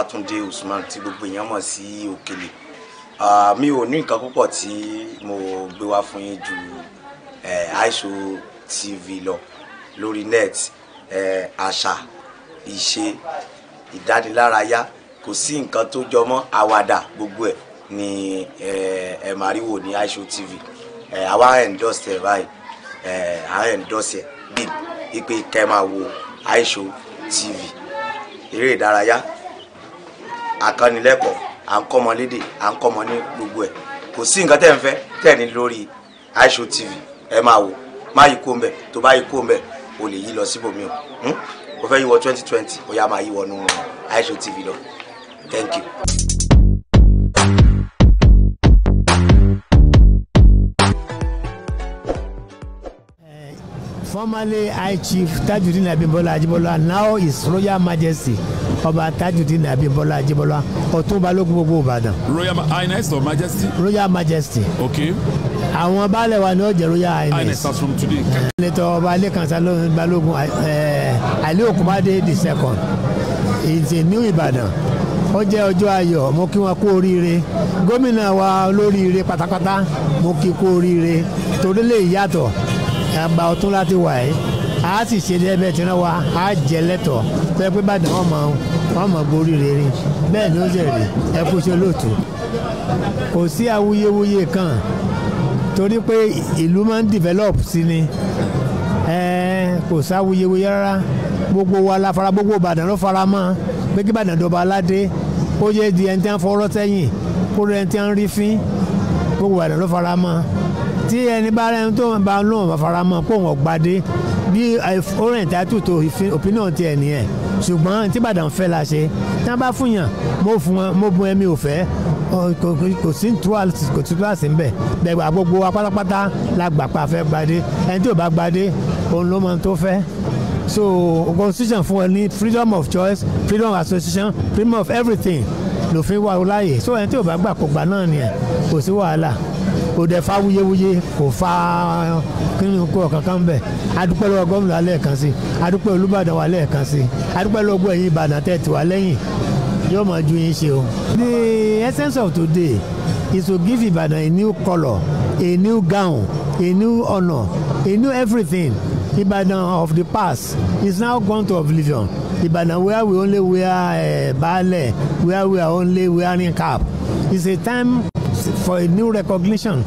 Babátúndé Usman tí gbogbo èèyàn mọ̀ sí Òkèlè mi ò ní nǹkan púpọ̀ tí mo gbé wá fún yín ju Aisho TV lọ lórí net àṣà ìṣe ìdánilárayá kò sí nǹkan tó jọ mọ́ àwàdà gbogbo ẹ̀ ni ẹ máa rí wò ní Aisho TV àwa endorse ẹ̀ báyìí à ń endorse ẹ̀ bíi pé kẹ́ máa wo Aisho TV eré ìdárayá àkànnilẹ́kọ̀ọ́ à ń kọ́mọ lédè à ń kọ́mọ ní gbogbo ẹ̀ kò sí nǹkan tẹ́ ń fẹ́ tẹ́ ní lórí aisho tv ẹ máa wò má yí kó ń bẹ̀ tó bá yí kó ń bẹ̀ o lè yí lọ síbòmí o hmm? o fẹ́ yí wọ twenty twenty o yá máa yí wọnú aisho tv lọ thank you. Formerly High Chief Tajudeen Abimbola Ajibola now is Royal Majesty Ọba Tajudeen Abimbola Ajibola Ọ̀tún Balógun gbogbo Ìbàdàn. Royal Highness or Majesty. Royal Majesty. Okay. Àwọn baálẹ̀ wa ni ó jẹ́ Royal Highness. Highness as from today. Lẹ́tọ̀ ọba Alẹ́kànsá Balógun Ali eh, Okunbade the second is a new Ìbàdàn ó jẹ́ ọjọ́ ayọ̀ mo kí wọn kú oríire gómìnà wa olóríire pátápátá mo kí kú oríire torí lè yàtọ̀ àgbà ọ̀tún láti wà yìí a sì ṣe dẹ́bẹ̀ tí wọ́n wá a jẹ lẹ́tọ̀ tó yẹ pé bàdàn wọn máa wọn máa borí rere bẹ́ẹ̀ ni ó sì rí ẹ kú ṣe lóòtú kò sí awuyewuye kan torí pé ìlú máa ń develop sí ni kò sáwuyewuye rárá gbogbo wa la fara gbogbo Ìbàdàn ló fara mọ́ pé kí Ìbàdàn dọba aládé ó yẹ di ẹni tí wọ́n fọwọ́rọ́ sẹ́yìn kó lóyún ẹni tí wọ́n rí fín gbogbo Ìbàdàn ló fara mọ́ tí ẹni bá rẹni tó bá lóun faramọ́ kó wọn gbadé bí orin ìtàtù tó opinion tiẹ̀ nìyẹn ṣùgbọ́n tí Ìbàdàn fẹ́ la ṣe tí wọ́n bá fún yàn mo fún wọn mo bun ẹ̀mí ò kò sí túwàsí kò bẹ̀gbà gbogbo wa pátápátá la gbà pa fẹ́ gbadé ẹni tí ò bá gbadé òun ló mọ tó fẹ́ so constitution fún ẹ ní freedom of choice freedom of association freedom of everything lòfin wà ó láàyè so ẹni tí ò bá gbà kó gbà náà nìyẹn kò sí wàhálà kò dẹ̀ fa wuyewuye kò fa kínní kankan bẹ̀ adúpẹ́ lọ́wọ́ gómìnà alẹ́ sí adúpẹ́ olúbàdàn wà lẹ́ẹ̀kan sí adúpẹ́ lọ́wọ́ gbọ́ ìbàdàn tẹ̀ tiwa lẹ́yìn yóò máa ju yín ṣe o. the essence of today is to give Ibadan a new colour a new gown a new honour a new everything Ibadan of the past is now gone to oblivion Ibadan where we only wear uh, eh, baale where we are only wearing cap is a time for a new recognition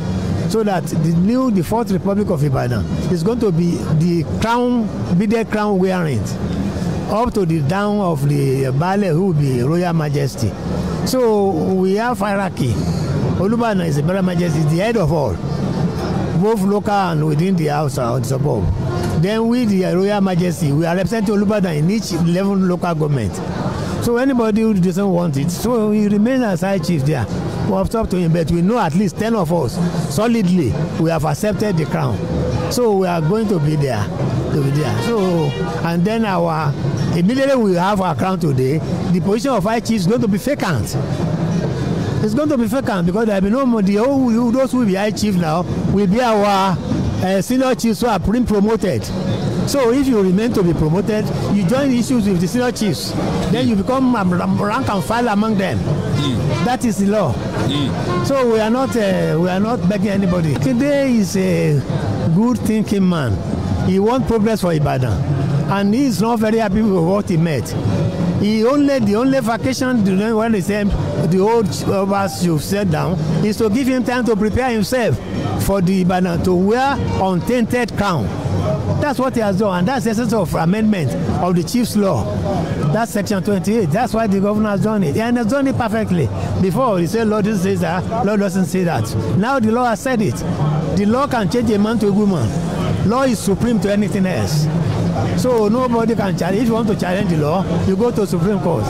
so that the new the fourth republic of Ibadan is going to be the crown be the crown wearing up to the down of the baale who be royal majesty so we have hierarchy Olubana is the royal majesty the head of all both local and within the house and the suburb then we the royal majesty we are representing Olubana in each eleven local government so anybody who doesn't want it so he remains as high chief there was up to him but we know at least ten of us solidly we have accepted the crown so we are going to be there to be there so and then our immediately we have our crown today the position of high chief is going to be vacant it's going to be vacant because there will be no more the whole those who be high chief now will be our uh, senior chiefs who are being promoted So if you remain to be promoted, you join issues with the senior chiefs. Then you become rank and file among them. Mm. That is the law. Mm. So we are not uh, we are not begging anybody. Today is a good thinking man. He wants progress for Ibadan and he is not very happy with what he met. He only the only vacation during when they said the old us you set down is to give him time to prepare himself for the Ibadan to wear untainted crown. That's what he has done, and that's the essence of amendment of the chief's law. That's section 28. That's why the governor has done it, and has done it perfectly. Before he said law doesn't say that, law doesn't say that. Now the law has said it. The law can change a man to a woman. Law is supreme to anything else. So nobody can challenge. If you want to challenge the law, you go to Supreme Court.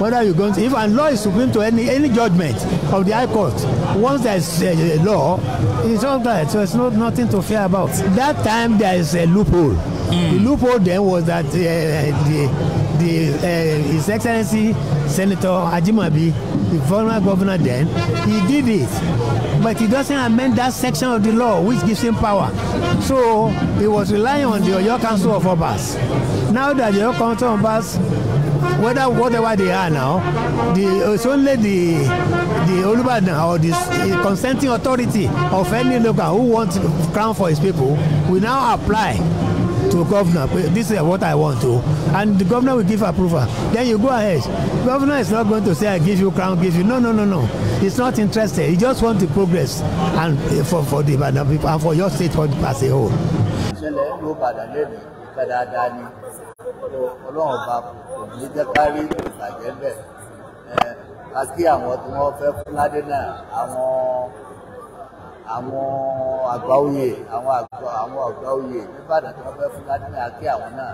Whether you go to, if a law is supreme to any any judgment of the High Court, once there is a, a law, it's all right. So it's not nothing to fear about. That time there is a loophole. Mm. The hmm. loophole then was that uh, the the uh, His Excellency Senator Ajimabi the former governor then, he did it. But he doesn't amend that section of the law which gives him power. So he was relying on the Oyo Council of Obas. Now that the Oyo Council of Obas whether whatever they are now the it's only the the Olubadan or the uh, consenting authority of any local who wants crown for his people will now apply to governor this is what i want to and the governor will give approval then you go ahead governor is not going to say i give you crown give you no no no no he's not interested he just want the progress and eh, for for the ibadan people and for your state as a whole. ìṣẹ̀lẹ̀ ló padà lẹ́nu dáadáa ni ọlọ́run ọba kò ní jẹ́ ká rí ìbàjẹ́ bẹ́ẹ̀ ká eh, kí àwọn tí wọ́n fẹ́ fún ládé náà àwọn àwọn àgbà oyè àwọn àgbà àwọn àgbà oyè nìbàdàn tí wọ́n fẹ́ fún ládùúgbò àkí àwọn náà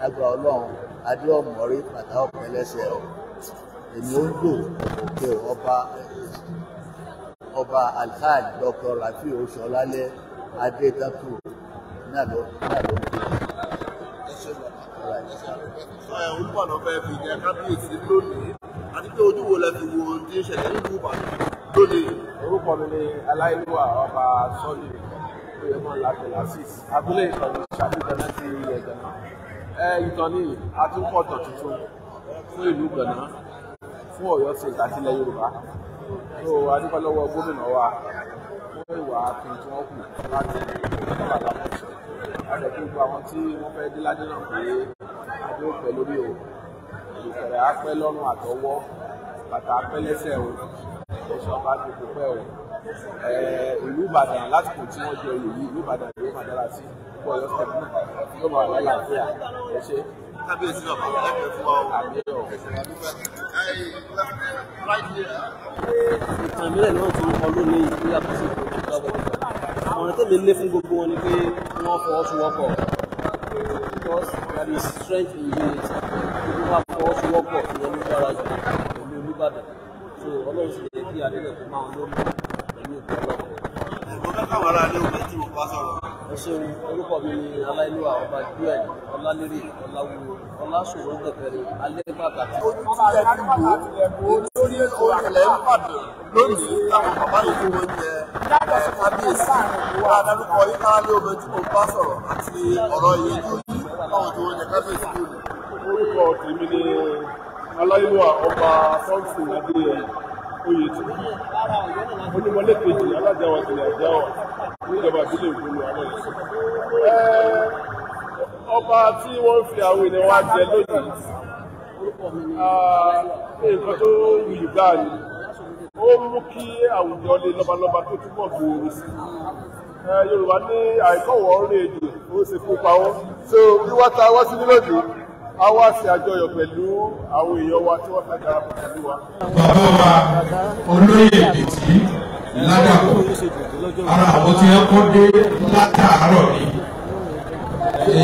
lágbà ọlọ́run adéọmọrí pàtà ọpẹlẹsẹ ọ èmi ó ń lò òkè ọba ọba alhaji dr rafi oṣọlálẹ adétàkù náà ló náà ló ń lò. olùbàdàn fẹ́ fi jẹ́ kábíyèsí lónìí àti pé ojú wo lẹ fi wo ohun tí ń ṣẹlẹ̀ nínú ìbàdàn orúkọ mi ni aláìlúwà ọba sọ́ọ̀lì oyèmọ làbẹ̀lásìs abúlé ìtọ́jú ṣàfihàn láti ilẹ̀ gànà ìtàn ní àtúnkọ̀tàn tuntun fún ìlú gànà fún ọ̀yọ́ sí ìtàsílẹ̀ yorùbá tó adúpẹ́ lọ́wọ́ gómìnà wa fún ìwà akin tí wọ́n kù láti ìjọba àlàkóso àti gbogbo àwọn tí wọ́n fẹ́ dé ládé náà pé adé òpẹ́ lórí o ìfẹ̀rẹ̀ apẹ́ lọ́rùn àtọwọ́ bàtà apẹ́ lẹ́sẹ̀ o tẹ̀sán bá kò pẹ́ o ìlú ìbàdàn lásìkò tí wọ́n jẹ oyè yìí ìlú ìbàdàn ló máa dára sí púpọ̀ ọ̀yọ́ stẹ̀pù náà yóò máa wà láàáfíà ẹ ṣe. kábíyèsí náà bàbá ẹgbẹ́ fún wa àmì ọ̀ ìtàn ìbílẹ̀ náà ti kọ lónìí ìlú yàtọ̀ sí ìpínlẹ̀ ọ̀gbọ̀n. tẹ̀lé lé fún gbogbo wọn ni pé wọ́n fọwọ́sowọ́pọ̀ because there is strength in unity kí adélẹ̀kùn máa lórí pẹ̀lú ìgbà ọlọ́pàá. ẹ̀gbọ́n bẹ́ẹ̀ káwọn aráalé ò bẹ́ẹ̀ tí mo bá sọ̀rọ̀. ẹ ṣeun orúkọ mi ni ọláìlúwà ọba joel ọlálérè ọláwúwo ọlásòwò gẹgẹrẹ alẹ́gbàgbà. olórí ètò ilẹ̀ ń pàdé lónìí táwọn bàbá yìí tó wọ́n jẹ kábíyèsí wà dárúkọ ìkáralé ò bẹ́ẹ̀ tí mo bá sọ̀rọ̀ àti ọ̀rọ̀ ìyẹn táwọn tó wọ́n jẹ kábíyèsí lónìí. orúkọ tèmi ni aláìlúwà ọba sọ́ọ̀tún adéyẹ Oyètúndé onímọ̀lé kejì alájà wọn tẹ̀lé àjà wọn níjọba ìbílẹ̀ Ògbóni àwọn ẹ̀sìn. ọba tí wọ́n fi àwọn ènìyàn wá jẹ lónìí nǹkan tó wuyì gbáà ni ó mú kí àwùjọ lè lọ́balọ́ba tó túbọ̀ gbòòrò sí i. Yorùbá ní àìkọ́wọ́ rèé dùn ó sì kópa wọn. so bí wọ́n ta wọ́n sí nílòdì a wá sí àjọyọ̀ pẹ̀lú àwọn èèyàn wa tí wọ́n fẹ́ darapọ̀ pẹ̀lú wa. bàbá wa olóyè ètìtì ládàpọ̀ ara àwọn tí wọ́n kọ́ dé látàárọ̀ ni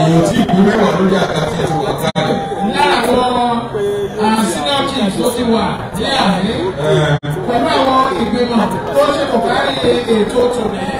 èyí tí ìlú mẹ́wàá lórí àga tí ẹ ti wà kálẹ̀. lára àwọn ah, sinapsi tó ti wà ní àárín pẹ̀lú àwọn ìgbìmọ̀ tó ṣe kò kárí ètò tòun ẹ̀.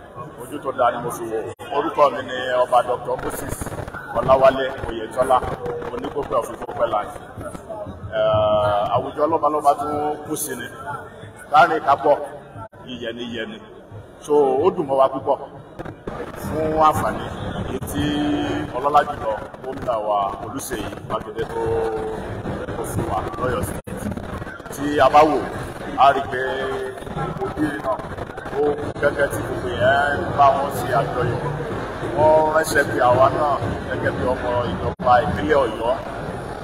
ojú tó dáa ni mo fi wò orúkọ mi ni ọba dr moses ọláwálé oyètọ́lá onígbòpẹ ọfíìgbòpẹ láàyè àwùjọ lọ́balọ́ba tó kù sí ni láàrin kápọ̀ ìyẹniyẹni so ó dùn mọ́ wa púpọ̀ fún àǹfààní èyí tí ọlọ́lá jùlọ gómìnà wa olùṣèyí mákindé tó tó fún wa lọ́yọ̀ọ́ sí tí a bá wò á rí i pé ojú náà ó gẹ́gẹ́ tí gbogbo yẹn bá wọn ṣe àjọyọ̀ wọ́n rẹ́sẹ̀ bí àwa náà gẹ́gẹ́ bí ọmọ ìjọba ìpínlẹ̀ Ọ̀yọ́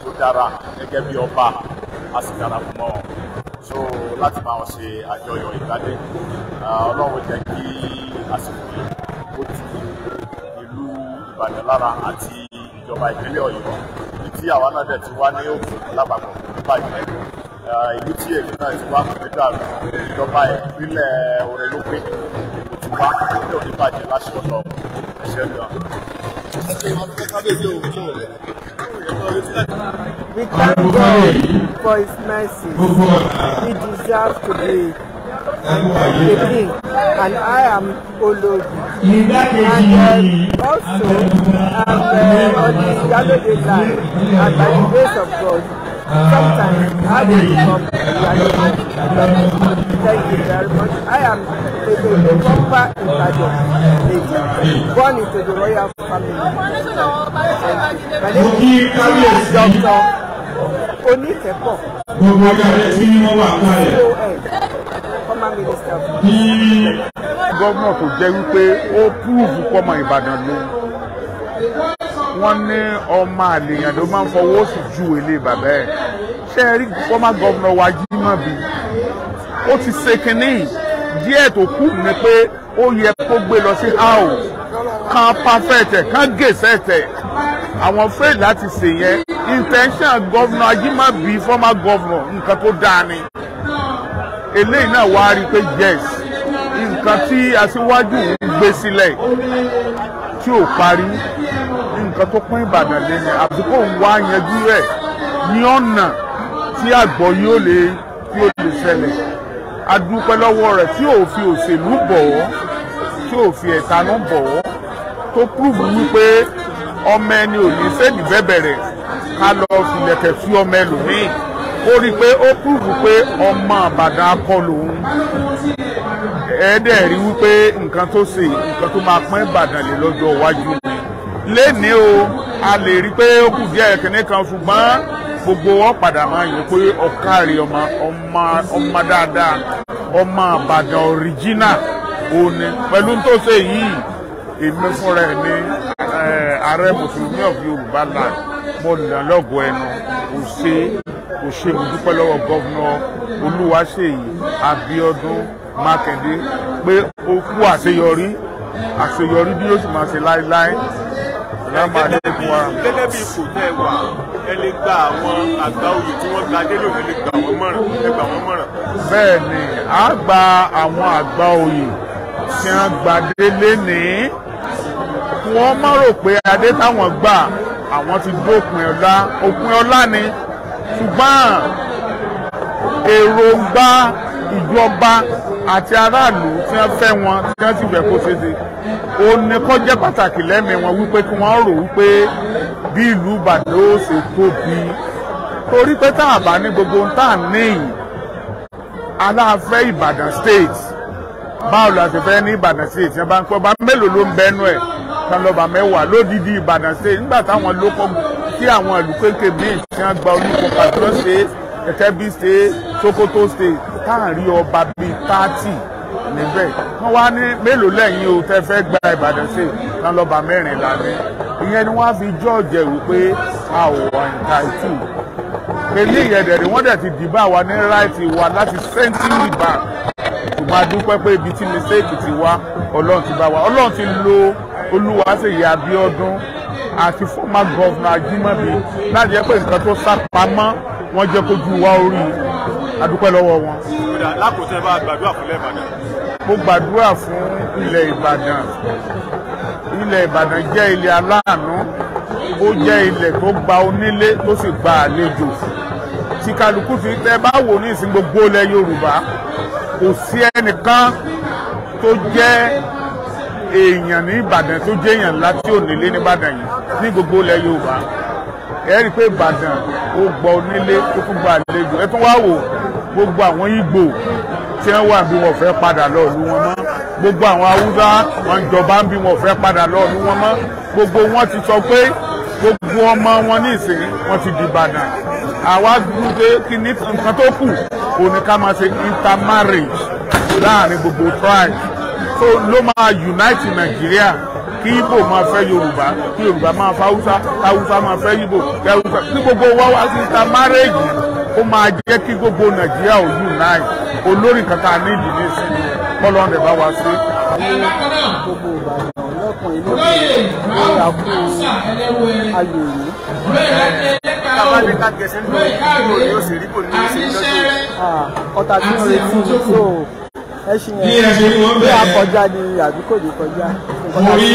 tó dára gẹ́gẹ́ bí ọba a sì dára fún wọn so láti bá wọn ṣe àjọyọ̀ ìgbádé Ọlọ́run jẹ́ kí àsìkò yìí ó ti ìlú Ìbàdàn lára àti ìjọba ìpínlẹ̀ Ọ̀yọ́ tí àwa náà dẹ̀ ti wá ní òkè lápapọ̀ nípa ìpínlẹ̀ ìlú tí èmi náà ti ìjọba ìpínlẹ̀ ọ̀rẹ́ ló pé èkó ti wá ẹ̀ṣẹ̀ lọ. We thank God for His mercy. He deserves to be the king, and I am Olobi. And um, also, I'm uh, on the Yalode design, and by the grace of God. Sometimes I have a problem. Thank you very much. I am a proper Ibadan, born into the royal family. My name is Dr. Onitepo. Gbogbo ọjà rẹ̀ tí wọ́n wà kalẹ̀. Bí gómìnà tó jẹ́ wípé ó púrùfù pọ́mọ Ìbàdàn ló wọ́n ní ọmọ àlèyàn ló máa ń fọwọ́ sí ju èlé bàbá ẹ̀ ṣé ẹ rí former governor wa Ajimobi ó ti ṣe kínní díẹ̀ tó kù ni pé ó yẹ kó gbé lọ sí house kan perfect ẹ̀ kan gèsè tẹ̀ àwọn fail láti ṣe yẹn intention governor Ajimobi former governor nǹkan tó dáa ni eléyìí náà wá rí i pé yes nǹkan tí aṣíwájú ń gbé sílẹ̀ tí ò parí nǹkan tó pín Ìbàdàn lé ni àbùkù ń wá yanjú rẹ̀ ní ọ̀nà tí àgbọ̀ yóò lè tí ó lè ṣẹlẹ̀ adúpẹ́ lọ́wọ́ rẹ̀ tí ò fi òṣèlú bọ̀wọ́ tí ò fi ẹ̀tanú bọ̀wọ́ tó prove wípé ọmọ ẹni ò ní sẹ́ni bẹ́bẹ̀rẹ̀ ká lọ filẹ̀kẹ̀ fi ọmọ ẹlòmíì ó rí i pé ó prove pé ọmọ Ìbàdàn akọ lòun ẹ̀ẹ́dẹ̀ rí wípé nǹkan tó ṣe nǹkan tó máa pín Ìbàdàn lè lọ́jọ́ iwájú ni lénìí o a lè rí pé ó kù díẹ̀ kìnní kan ṣùgbọ́n gbogbo wọn padà máa yẹ pé ọ̀kárí ọmọ ọmọ ọmọ dáadáa ọmọ àbàdàn ọ̀ríjínà òní pẹ̀lú tó ṣe yìí èmi fúnra ẹ̀ ní eh, ààrẹ mùsùlùmí of yorùbá land mo nà lọ́gọ̀ọ́ ẹnu kò ṣe kò ṣe mo lọ́wọ́ gọ́vnọ olúwaṣèyí abíọ́dún mákindé pé ó kú àṣeyọrí àṣeyọrí bí yóò sì máa ṣe láéláé gẹ́gẹ́ bí ipò tẹ́ ẹ wà ẹ lè gba àwọn àgbà oyè tí wọ́n ga délé òní lè gba àwọn mọ̀ràn lè gba àwọn mọ̀ràn. bẹ́ẹ̀ ni a gba àwọn àgbà oyè tí wọ́n gba délé ní wọ́n má rò pé adé táwọn gbà àwọn ti dópin ọlá òpin ọlá ni ṣùgbọ́n èròǹgbà ìjọba àti aráàlú tí wọ́n fẹ́ wọn tí wọ́n sì fẹ́ kó ṣeéṣe ó ní kó jẹ́ pàtàkì lẹ́mìí wọn wípé kí wọ́n rò wípé bí ìlú Ìbàdàn ó ṣe tóbi torí pé tá a bá ní gbogbo tá a níyìn aláàfẹ́ Ìbàdàn state báwo la ṣe fẹ́ ní Ìbàdàn state yẹn bá ń pọ́ bá mélòó ló ń bẹ́nu ẹ̀ kan lọ́ba mẹ́wàá lódìdí Ìbàdàn state nígbà táwọn lókọ́ tí àwọn ìlú kéékèèké bíi ìṣẹ́ àgbà olùkọ́ pàtó ṣe ẹ̀kẹ́ bíi state Sokoto state tá à ń rí ọba bíi thirty níbẹ̀ wọ́n wá ní mélòó lẹ́yìn o tẹ́ fẹ́ gba Ìbàdàn state náà lọ́ba mẹ́rin lánàá ìyẹn ni wọ́n á fi jọ́ọ̀jẹ̀ wípé a ò wà entitled pẹ̀lú ìyẹ̀dẹ̀ ni wọ́n dẹ̀ ti dìbò àwa ní ráìtì wa láti century back ṣùgbọ́n a dúpẹ́ pé ibi tí mistake ti wá ọlọ́run ti bá wa ọlọ́run ti lo Olúwaṣèyí Abíọ́dún àti former governor Ajímọ̀bí láti jẹ́ pé nǹkan tó sá pamọ́ wọ́n jẹ́ kójú wa orí adúpẹ́ lọ́wọ́ wọn. lákòótẹ́ bá gbàdúrà fún ilẹ̀ Ìbàdàn. mo gbàdúrà fún ilẹ̀ Ìbàdàn ilẹ̀ Ìbàdàn jẹ́ ilẹ̀ aláàánú ó jẹ́ ilẹ̀ tó gba onílé tó sì gba àlejò tí kálukú fi tẹ́ bá wò ní ìsìn gbogbo ilẹ̀ Yorùbá kò sí ẹnìkan tó jẹ́ èèyàn ní Ìbàdàn tó jẹ́ èèyàn ńlá tí ò nílé ní Ìbàdàn yìí ní gbogbo ilẹ̀ Yorùbá ẹ rí i pé Ìbàdàn ó gbọ́ onílé tó tún gba àlejò ẹ tún wá wò gbogbo àwọn Ìgbò tí wọ́n wà bí wọ́n fẹ́ padà lọ ìlú wọn mọ́ gbogbo àwọn Haúsá wọn jọba ń bí wọ́n fẹ́ padà lọ ìlú wọn mọ́ gbogbo wọn ti sọ pé gbogbo ọmọ wọn ní ìsìn wọn ti dìbàdàn àwa dúró pé kí ní nǹkan tó kù òun ni ká máa ṣe intermarriage láàrin gbogbo tribe so ló máa unite Nàìjíríà kí Ìgbò máa fẹ́ Yorùbá kí Yorùbá máa fẹ́ Haúsá Haúsá máa fẹ́ Ìgbò kí Haúsá kí gbogbo wa wá sí intermarriage ó máa jẹ́ kí gbogbo nàìjíríà ò unite olórí kankan ní ìdílé sí i kọ́lọ́ ń dẹ̀bá wá sí. gbogbo ìbàdàn ṣe lọ́dún. Ọ̀tà bí a kọjá ni àbí kò kọjá. Mo rí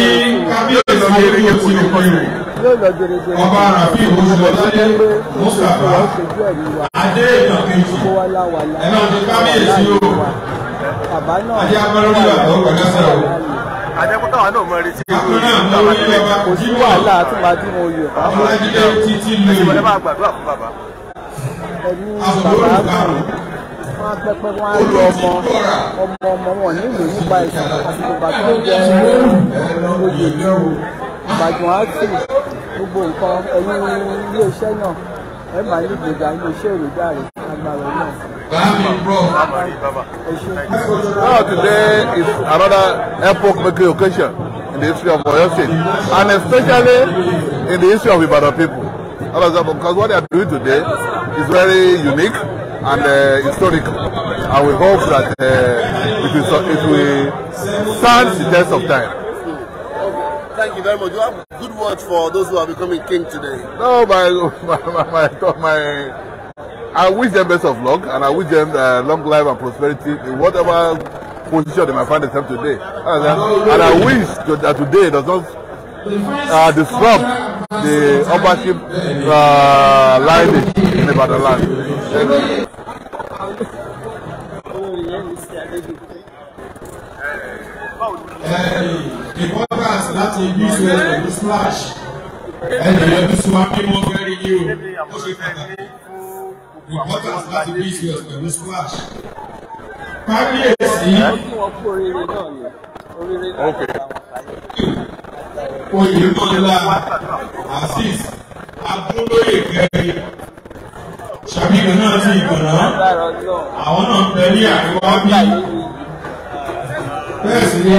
kábíyèsí ayé lóye kò ọba rafi olùdọ́ládé mustapha adé ìtàkejì ẹ̀rọ ti kábíyèsí o adé abẹ́rẹ́lú àtọ́ pẹ̀lẹ́sẹ̀ o. Adékútà wà náà mọ retí. Akọ́nà mọ orí ọba kò sí wàhálà tó máa dín mo yọ. Àwọn ajílẹ̀ títí lè. Ẹ̀sìn wọlé máa gbàdúrà fún bàbá. Ẹni bàbá mi wọn á pẹpẹ wọn ọmọ ọmọ ọmọ wọn nílò nípa ìsìn àti ìgbà tó ń jẹ gbogbo nǹkan ẹ̀yin ilé náà ẹ máa ní gbèdà ilé èròjà rẹ̀ agbára náà. Now today is another epoch-making occasion in the history of Oyo State and especially in the history of Ibadan people. Because what they are doing today is very unique and uh, historical. And we hope that uh, it will stand the test of time. Thank you very much. You have good words for those who are becoming king today. No, my my my, my, I wish them best of luck, and I wish them uh, long life and prosperity in whatever position they might find themselves today. And, uh, and I wish to, that today does not uh, disrupt the uppership uh, lining in the land. Thank you. Hey, chance láti use ẹ pẹ̀lú splash ẹnì yọjú sí wa mímọ́ fẹ́rí ní o ó ṣe pàtàkì important láti use ẹ pẹ̀lú splash. kábíyèsí oyèmọ́lá azeez abúlóyè kẹrin ṣàbíkẹ́ náà ti ìgbọ̀nà àwọn náà ń bẹ ní àríwá bí bẹ́ẹ̀ sì ni.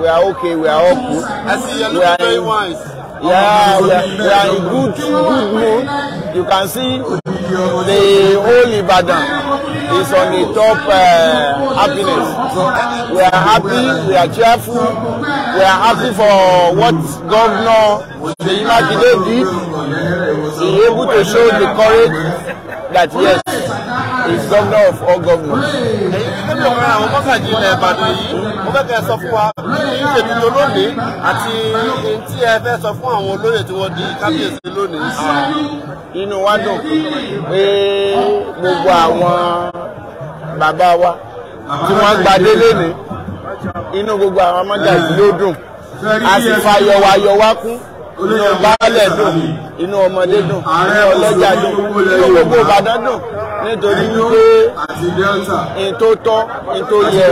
we are okay, we are all good. I see you're looking we are very in, wise. Yeah, we are, we are in good, good mood. You can see the whole Ibadan is on the top uh, happiness. We are happy, we are cheerful, we are happy for what Governor Seyi Makinde did. He able to show the courage that yes, is governor of all governors. ẹ̀yin gómìnà ọ̀rẹ́ àwọn mọ́kàndínlẹ̀ ìbàdàn yìí mo fẹ́ kẹ́ ẹ sọ fún wa kí èmi tó lónìí àti tí ẹ fẹ́ sọ fún àwọn olóyè tí wọ́n di kábíyèsí lónìí. inú wa dùn pé gbogbo àwọn bàbá wa tí wọ́n gbadé lénìí inú gbogbo àwọn ọmọdàbí ló dùn a sì fa yọwayọwa kún inú baálẹ̀ dùn inú ọmọdé dùn inú ọlọ́jà dùn inú gbogbo ìbàdàn dùn nítorí wípé n tó tọ́ n tó yẹ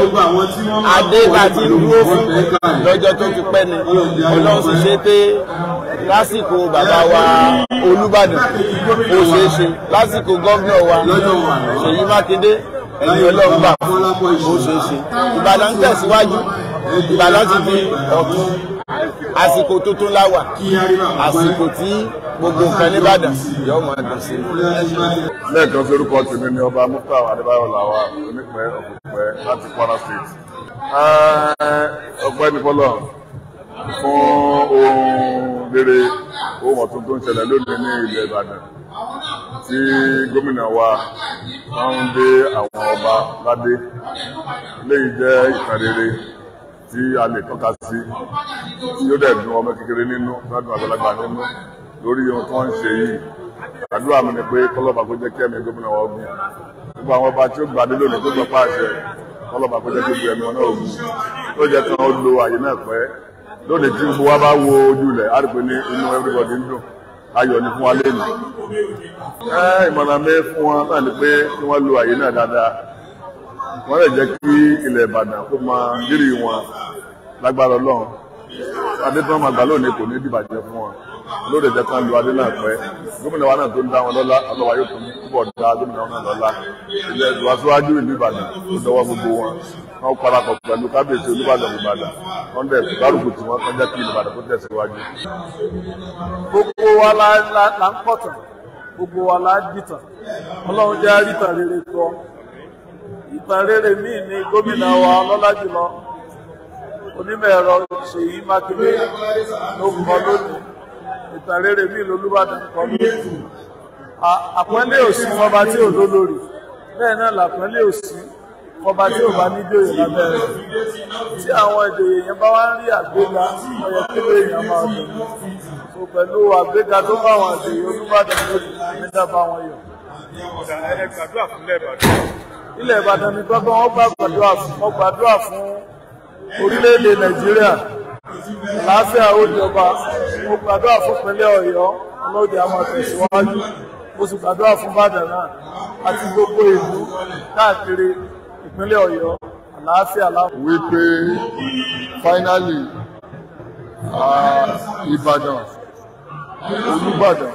adé láti dúró fún lọ́jọ́ tó ti pẹ́ ni ọlọ́run sì ṣe pé lásìkò bàbá wa Olúbàdàn ó ṣeé ṣe lásìkò gómìnà wa Ṣèyí Mákindé ẹni ọlọ́run gbà ó ṣeé ṣe Ìbàdàn ń tẹ̀síwájú Ìbàdàn ti di ọ̀tún àsìkò tuntun la wà àsìkò tí gbogbo nǹkan nìbàdàn yóò máa dùn sí. lẹ́ẹ̀kan sí orúkọ tèmi ni ọba Muftau Adébáyọ̀ làwà onípẹ́ ọ̀pọ̀pẹ́ láti Kwara State. ọpẹ́ ní fọlọ́ fún ohun rere ohun ọ̀tun tó ń ṣẹlẹ̀ lónìí ní ilẹ̀ Ìbàdàn tí gómìnà wa máa ń dé àwọn ọba ládé léyìí jẹ́ ìtàn tí a lè tọ́ka sí tí ó dẹ̀ dùn ọmọ kékeré nínú ládùn àgbàlagbà nínú lórí ohun tó ń ṣe yìí àdúrà mi ni pé kọlọ́ba kó jẹ́ kí ẹ̀mí gómìnà wọn gùn gbogbo àwọn ọba tí ó gbàdé lónìí tó gbọ́ pàṣẹ kọlọ́ba kó jẹ́ kí gbogbo ẹ̀mí wọn náà gùn tó jẹ́ kí wọ́n lo àyè náà pẹ́ lónìí tí gbogbo wa bá wo ojú rẹ̀ á rí pé ní inú everybody ń dùn ayọ̀ ni fún wa lẹ́nu. ẹ ìmọ̀ràn mi fún wọn náà ni pé kí wọ́n lo àyè náà dáadáa wọ́n lè jẹ́ kí ilẹ̀ Ìbàdàn kó máa rírì wọn lágbára Ọlọ́run adé tí wọ́n máa gbà lónìí kò ní dìbàjẹ́ fún wọn lóde jẹ́ kán lu adé náà pẹ́ gómìnà wa náà tó ń dá wọn lọ́lá ọlọ́wà yóò tún púpọ̀ dá gómìnà wọn náà lọ́lá ilẹ̀ ìwàsíwájú ìlú Ìbàdàn tó dọwọ́ gbogbo wọn wọn parapọ̀ pẹ̀lú kábíyèsí Olúbàdàn Ìbàdàn wọn dẹ̀ bárùkù tí wọ́n kọjá kí Ìbàdàn tó tẹ̀síwájú. gbogbo wa la ń pọ̀tàn gbogbo wa la ń dìtàn Ọlọ́run jẹ́ àrítàn rere tó ìtànrere míì ni gómìnà wa lọ́lá jùlọ onímọ̀ ẹ̀rọ Ṣèyí Mákindé ló kọ lónìí ìtànrere míì lolúbàdàn kọ lónìí àpọ́nlé òsì fọba tí ò lólórí bẹ́ẹ̀ náà làpọ́nlé òsì fọba tí ò bá ní jòyè lábẹ́ rẹ̀ tí àwọn ìjòyè yẹn bá wá ń rí àgbéga ọyọ kí ló èèyàn máa dùn so pẹ̀lú àgbéga tó bá àwọn ìjòyè Olúbàdàn lónìí nígbà bá wọn yọ. ẹgbàdúrà fún lẹ́ẹ̀bàdàn ilẹ̀ Ìbàdàn ní gbọ́gbọ́n wọ́n gbàdúrà fún wọ́n gbàdúrà fún orílẹ̀-èdè Nàìjíríà àlàáfíà òjọba mo gbàdúrà fún ìpínlẹ̀ Ọ̀yọ́ ọlọ́dẹ a máa tẹ̀síwájú mo sì gbàdúrà fún Ìbàdàn náà àti gbogbo ìlú káàkiri ìpínlẹ̀ Ọ̀yọ́ àlàáfíà láwọn. wípé finally ah, Ìbàdàn Olúbàdàn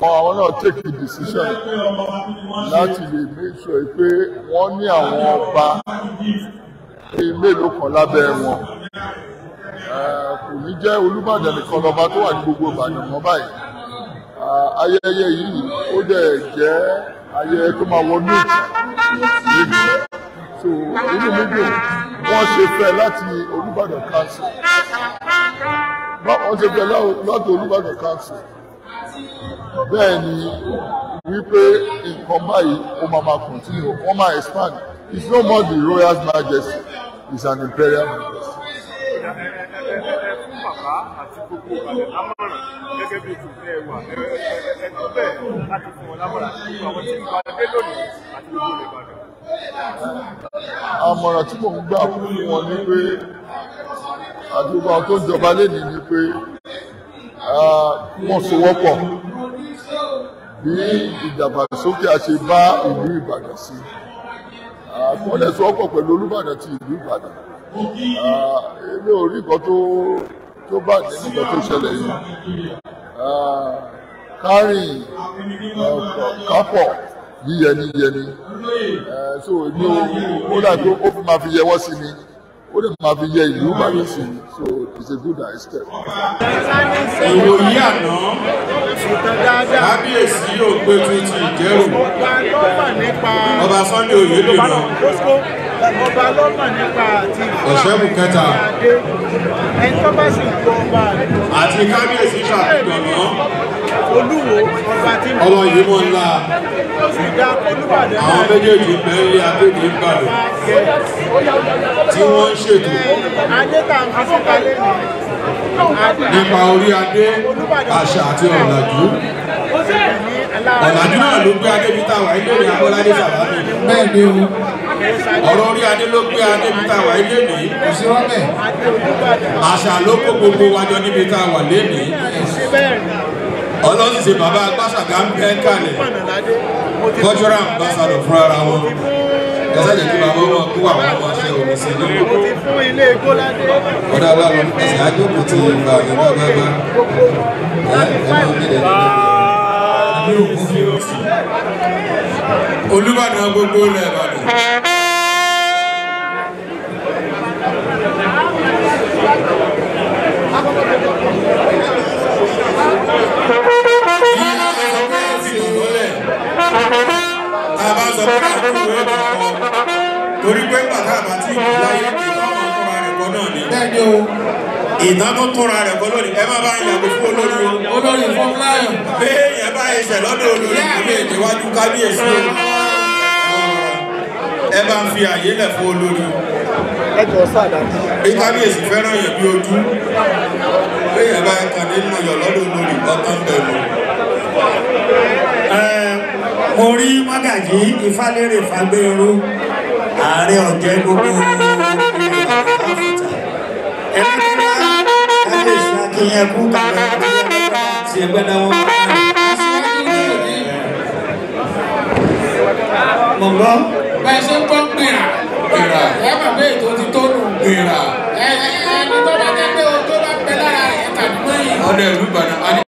ṣùgbọ́n àwọn náà take the decision láti lè make sure pé wọ́n ní àwọn ọba bíi mélòó kan lábẹ́ wọn kò ní jẹ́ Olúbàdàn nìkan lọ́ba tó wà ní gbogbo Ìbàdàn mọ́ báyìí ayẹyẹ yìí ó dẹ̀ jẹ́ ayẹyẹ tó máa wọnú ìgbà so inú mi dùn wọ́n ṣe fẹ́ láti Olúbàdàn council wọ́n ṣe fẹ́ láti Olúbàdàn council bẹ́ẹ̀ ni wípé nǹkan báyìí ó máa máa continue wọ́n máa expand it's no more the royal majesty it's an imperial majesty. bàbá àti gbogbo ìbàdàn lámọ̀ràn gẹ́gẹ́ bí oṣù tẹ́ ẹ wà ẹ tó bẹ́ẹ̀ láti fún wọn lámọ̀ràn nínú àwọn tí ń gba dé lónìí àti gbogbo ìbàdàn. àmọ̀ràn tí mò ń gbà fún wọn ni pé àdúgbò àwọn tó ń jọba lénìí ni pé ah, wọ́n sowọ́pọ̀ bí ìdàgbàsókè àṣe bá ìlú Ìbàdàn sí àkọlẹ̀sọ́pọ̀ pẹ̀lú Olúbàdàn ti ìlú Ìbàdàn èmi ò rí nǹkan tó tó bá nǹkan tó ṣẹlẹ̀ yìí kárìn kápọ̀ yíyẹni yẹni so èmi ò kódà tó ó fi máa fi yẹwọ́ sí mi ó lè máa fi yẹ ìlú bá lè sìn so it's a good step. ìròyìn àná kábíyèsí ògbé tuntun ìjẹ́rù ọba Sunday Oyèdèmọ ọba lọ́mọ̀ nípa àti ọ̀ṣẹ́bù kẹta ẹni tó bá sì ń gbọ́ ọba àti kábíyèsí ṣàfihàn náà olúwo ọba tí mo ọmọ yìí mọ ńlá àwọn méjèèjì mẹ́rin akéde ń bàlẹ̀ tí wọ́n ń ṣètò nípa orí adé àṣà àti ọ̀làjú ọ̀làjú náà ló gbé adébítà wà ilé ní abọ́ládé sàbámi bẹ́ẹ̀ ni o ọ̀rọ̀ orí adé ló gbé adébítà wà ilé ní kò sí rọ́bẹ̀ àṣà ló kó gbogbo wájọ níbi tá a wà lé ní ọlọ́run ṣe bàbá agbáṣàgà ń bẹ́ kalẹ̀ cultural ambassador fún ara wọn ẹ̀sẹ̀ jẹ́ kí bàbá wọn kú àwọn ọmọ ṣe òun sí náà. ọ̀dà ọlọ́run ẹ̀sẹ̀ àjòkò ti gba ìgbà bàbá Olúbàdàn gbogbo ilẹ̀ Ìbàdàn. sọ pé torí pé bàtà àbátì ìlú láyé ìtọ́nà rẹ̀ kọ́ náà ni. bẹ́ẹ̀ni o. rẹ̀ kọ́ lónìí ẹ má bá yàgò fún olórí o. olórí fún fúláyọ̀. bẹ́ẹ̀ yẹn bá ẹsẹ̀ lọ́dọ̀ olórí ìdílé ìdíwájú kábíyèsí o. ẹ bá ń fi àyè lẹ̀ fún olórí o bí kábíyèsí fẹ́ràn yẹn bí ojú bí yẹn bá ẹ kàn nínú ọyọ lọ́dún lórí ọkàn bẹ̀rù mo rí mọ́gàjí ìfálérè fagbéru ààrẹ ọ̀jẹ̀ gbogbo ẹni tó bá kábíyèsí akínyẹn kú kàwé sí ẹgbẹ́dá wọn. mọ̀ gbọ́. bẹ́ẹ̀ ṣe ń gbọ́ gbìrà gbìrà ẹ mà bẹ́ẹ̀ tó ti tó nù gbìrà. ẹ ẹ ẹni tó bá jẹ́ pé o tó bá pẹ́ lára ẹ̀ mọ́yìn. ọ̀dọ̀ ìlú Ìbàdàn.